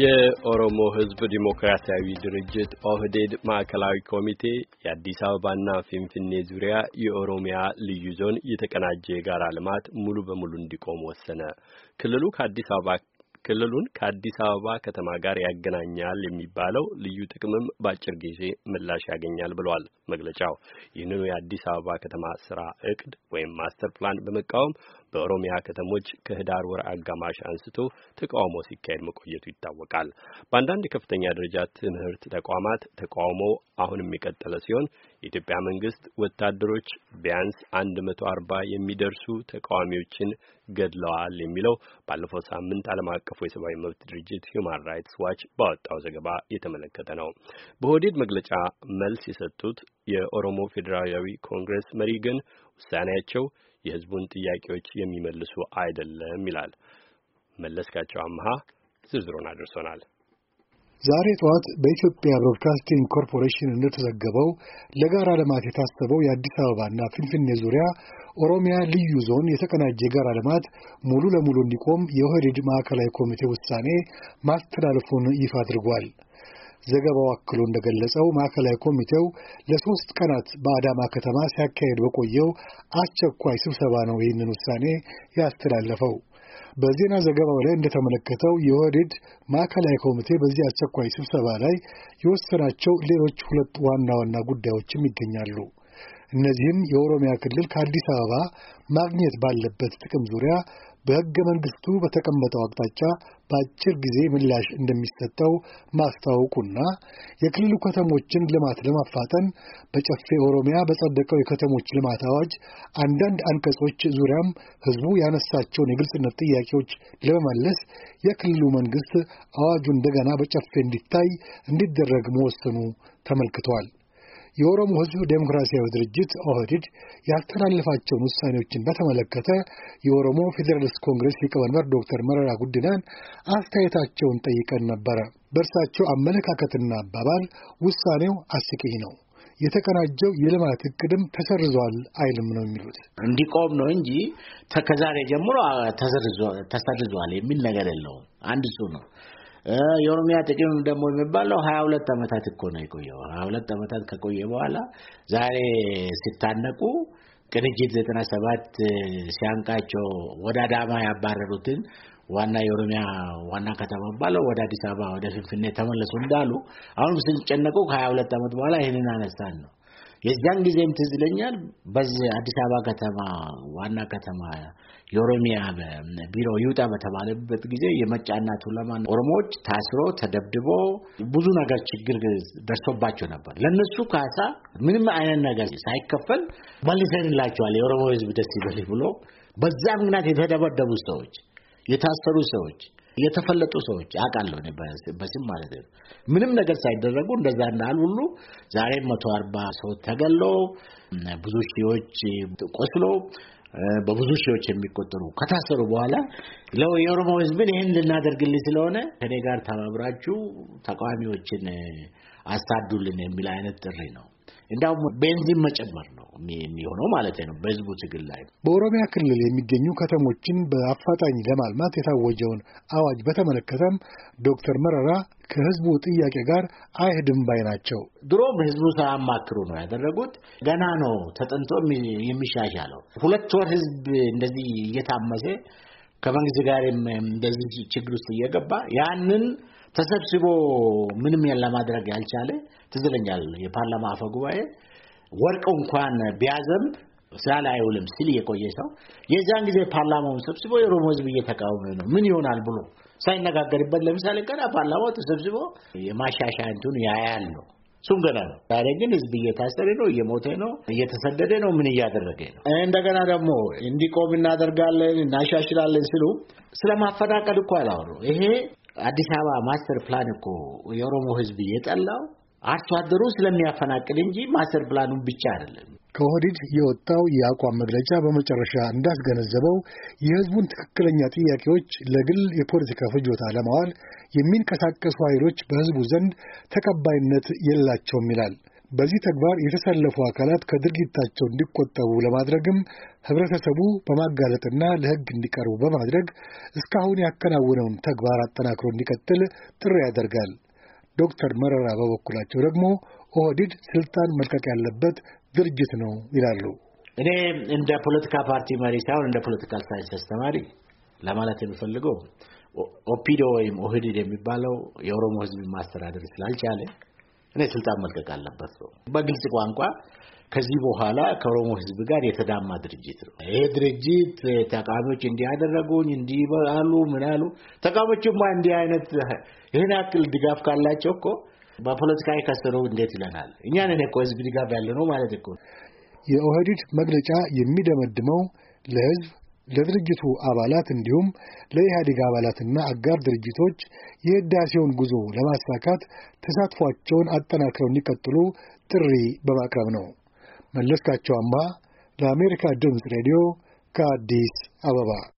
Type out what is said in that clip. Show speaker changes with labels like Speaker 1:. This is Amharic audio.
Speaker 1: የኦሮሞ ሕዝብ ዲሞክራሲያዊ ድርጅት ኦህዴድ ማዕከላዊ ኮሚቴ የአዲስ አበባና ፊንፊኔ ዙሪያ የኦሮሚያ ልዩ ዞን የተቀናጀ የጋራ ልማት ሙሉ በሙሉ እንዲቆም ወሰነ። ክልሉ ከአዲስ አበባ ክልሉን ከአዲስ አበባ ከተማ ጋር ያገናኛል የሚባለው ልዩ ጥቅምም በአጭር ጊዜ ምላሽ ያገኛል ብሏል መግለጫው። ይህንኑ የአዲስ አበባ ከተማ ስራ እቅድ ወይም ማስተር ፕላን በመቃወም በኦሮሚያ ከተሞች ከህዳር ወር አጋማሽ አንስቶ ተቃውሞ ሲካሄድ መቆየቱ ይታወቃል። በአንዳንድ የከፍተኛ ደረጃ ትምህርት ተቋማት ተቃውሞ አሁንም የቀጠለ ሲሆን የኢትዮጵያ መንግስት ወታደሮች ቢያንስ አርባ የሚደርሱ ተቃዋሚዎችን ገድለዋል የሚለው ባለፈው ሳምንት ዓለም አቀፉ የሰብአዊ መብት ድርጅት ሂውማን ራይትስ ዋች ባወጣው ዘገባ የተመለከተ ነው። በሆዴድ መግለጫ መልስ የሰጡት የኦሮሞ ፌዴራላዊ ኮንግረስ መሪ ግን ውሳኔያቸው የህዝቡን ጥያቄዎች የሚመልሱ አይደለም ይላል። መለስካቸው አምሃ ዝርዝሩን አድርሶናል።
Speaker 2: ዛሬ ጠዋት በኢትዮጵያ ብሮድካስቲንግ ኮርፖሬሽን እንደተዘገበው ለጋራ ልማት የታሰበው የአዲስ አበባና ፊንፊኔ ዙሪያ ኦሮሚያ ልዩ ዞን የተቀናጀ የጋራ ልማት ሙሉ ለሙሉ እንዲቆም የኦህዴድ ማዕከላዊ ኮሚቴ ውሳኔ ማስተላለፉን ይፋ አድርጓል። ዘገባው አክሎ እንደገለጸው ማዕከላዊ ኮሚቴው ለሶስት ቀናት በአዳማ ከተማ ሲያካሄድ በቆየው አስቸኳይ ስብሰባ ነው ይህንን ውሳኔ ያስተላለፈው። በዜና ዘገባው ላይ እንደተመለከተው የኦህዴድ ማዕከላዊ ኮሚቴ በዚህ አስቸኳይ ስብሰባ ላይ የወሰናቸው ሌሎች ሁለት ዋና ዋና ጉዳዮችም ይገኛሉ። እነዚህም የኦሮሚያ ክልል ከአዲስ አበባ ማግኘት ባለበት ጥቅም ዙሪያ በሕገ መንግሥቱ በተቀመጠው አቅጣጫ በአጭር ጊዜ ምላሽ እንደሚሰጠው ማስታወቁና የክልሉ ከተሞችን ልማት ለማፋጠን በጨፌ ኦሮሚያ በጸደቀው የከተሞች ልማት አዋጅ አንዳንድ አንቀጾች ዙሪያም ሕዝቡ ያነሳቸውን የግልጽነት ጥያቄዎች ለመመለስ የክልሉ መንግሥት አዋጁ እንደገና በጨፌ እንዲታይ እንዲደረግ መወሰኑ ተመልክቷል። የኦሮሞ ህዝብ ዴሞክራሲያዊ ድርጅት ኦህዲድ ያስተላለፋቸውን ውሳኔዎችን በተመለከተ የኦሮሞ ፌዴራሊስት ኮንግሬስ ሊቀመንበር ዶክተር መረራ ጉዲናን አስተያየታቸውን ጠይቀን ነበረ። በእርሳቸው አመለካከትና አባባል ውሳኔው አስቂኝ ነው፣ የተቀናጀው የልማት እቅድም ተሰርዟል አይልም ነው የሚሉት።
Speaker 3: እንዲቆም ነው እንጂ ከዛሬ ጀምሮ ተሰርዟል የሚል ነገር የለውም። አንድ እሱ ነው። የኦሮሚያ ጥቅም ደግሞ የሚባለው ሀያ ሁለት ዓመታት እኮ ነው የቆየው። ሀያ ሁለት ዓመታት ከቆየ በኋላ ዛሬ ሲታነቁ ቅንጅት ዘጠና ሰባት ሲያንቃቸው ወደ አዳማ ያባረሩትን ዋና የኦሮሚያ ዋና ከተማ ባለው ወደ አዲስ አበባ ወደ ፍንፍኔ ተመለሱ እንዳሉ አሁንም ስንጨነቁ ከሀያ ሁለት ዓመት በኋላ ይህንን አነሳን ነው። የዚያን ጊዜም ትዝ ይለኛል በዚህ አዲስ አበባ ከተማ ዋና ከተማ የኦሮሚያ ቢሮ ይውጣ በተባለበት ጊዜ የመጫና ቱለማ ኦሮሞዎች ታስሮ ተደብድቦ ብዙ ነገር ችግር ደርሶባቸው ነበር። ለእነሱ ካሳ ምንም አይነት ነገር ሳይከፈል መልሰንላቸዋል የኦሮሞ ሕዝብ ደስ ይበል ብሎ በዛ ምክንያት የተደበደቡ ሰዎች የታሰሩ ሰዎች የተፈለጡ ሰዎች አውቃለሁ እኔ በስም ማለት ነው። ምንም ነገር ሳይደረጉ እንደዛ እንዳል ሁሉ ዛሬ መቶ አርባ ሰው ተገሎ ብዙ ሺዎች ቆስሎ በብዙ ሺዎች የሚቆጠሩ ከታሰሩ በኋላ ለው የኦሮሞ ሕዝብን ይህን ልናደርግልኝ ስለሆነ ከኔ ጋር ተባብራችሁ ተቃዋሚዎችን አሳዱልን የሚል አይነት ጥሪ ነው። እንዲሁም ቤንዚን መጨመር ነው የሚሆነው ማለት ነው በህዝቡ ትግል ላይ።
Speaker 2: በኦሮሚያ ክልል የሚገኙ ከተሞችን በአፋጣኝ ለማልማት የታወጀውን አዋጅ በተመለከተም ዶክተር መረራ ከህዝቡ ጥያቄ ጋር አይሄድም ባይ ናቸው። ድሮም
Speaker 3: ህዝቡ ሳያማክሩ ነው ያደረጉት። ገና ነው ተጠንቶ የሚሻሻለው። ሁለት ወር ህዝብ እንደዚህ እየታመሰ ከመንግስት ጋር እንደዚህ ችግር ውስጥ እየገባ ያንን ተሰብስቦ ምንም ለማድረግ ያልቻለ ትዝለኛል። የፓርላማ አፈ ጉባኤ ወርቅ እንኳን ቢያዘንብ ስራ ላይ አይውልም ሲል የቆየ ሰው የዛን ጊዜ ፓርላማውን ሰብስቦ የኦሮሞ ሕዝብ እየተቃወመ ነው ምን ይሆናል ብሎ ሳይነጋገርበት ለምሳሌ ገና ፓርላማው ተሰብስቦ የማሻሻያ እንትኑ ያያል ነው እሱም ገና ነው። ዛሬ ግን ህዝብ እየታሰረ ነው፣ እየሞተ ነው፣ እየተሰደደ ነው፣ ምን እያደረገ ነው። እንደገና ደግሞ እንዲቆም እናደርጋለን፣ እናሻሽላለን ሲሉ ስለማፈናቀል እኮ አላወሩ። ይሄ አዲስ አበባ ማስተር ፕላን እኮ የኦሮሞ ህዝብ የጠላው አርሶ አደሩ ስለሚያፈናቅል እንጂ ማስተር ፕላኑን ብቻ አይደለም።
Speaker 2: ከኦህዴድ የወጣው የአቋም መግለጫ በመጨረሻ እንዳስገነዘበው የህዝቡን ትክክለኛ ጥያቄዎች ለግል የፖለቲካ ፍጆታ ለማዋል የሚንቀሳቀሱ ኃይሎች በህዝቡ ዘንድ ተቀባይነት የላቸውም ይላል። በዚህ ተግባር የተሰለፉ አካላት ከድርጊታቸው እንዲቆጠቡ ለማድረግም ህብረተሰቡ በማጋለጥና ለህግ እንዲቀርቡ በማድረግ እስካሁን ያከናውነውን ተግባር አጠናክሮ እንዲቀጥል ጥሪ ያደርጋል። ዶክተር መረራ በበኩላቸው ደግሞ ኦህዲድ ስልጣን መልቀቅ ያለበት ድርጅት ነው ይላሉ።
Speaker 3: እኔ እንደ ፖለቲካ ፓርቲ መሪ ሳይሆን እንደ ፖለቲካ ሳይንስ አስተማሪ ለማለት የሚፈልገው ኦፒዶ ወይም ኦህዲድ የሚባለው የኦሮሞ ህዝብ ማስተዳደር ስላልቻለ እኔ ስልጣን መልቀቅ አለበት ነው። በግልጽ ቋንቋ ከዚህ በኋላ ከኦሮሞ ህዝብ ጋር የተዳማ ድርጅት ነው። ይሄ ድርጅት ተቃዋሚዎች እንዲያደረጉኝ እንዲበሉ ምን አሉ። ተቃዋሚዎችማ እንዲህ አይነት ይህን ያክል ድጋፍ ካላቸው እኮ በፖለቲካ የከሰረው እንዴት ይለናል? እኛ
Speaker 2: ነን እኮ ህዝብ ድጋፍ ያለ ነው ማለት እኮ የኦህዲድ መግለጫ የሚደመድመው ለህዝብ ለድርጅቱ አባላት እንዲሁም ለኢህአዴግ አባላትና አጋር ድርጅቶች የህዳሴውን ጉዞ ለማሳካት ተሳትፏቸውን አጠናክረው እንዲቀጥሉ ጥሪ በማቅረብ ነው። መለስካቸው አማ ለአሜሪካ ድምፅ ሬዲዮ ከአዲስ አበባ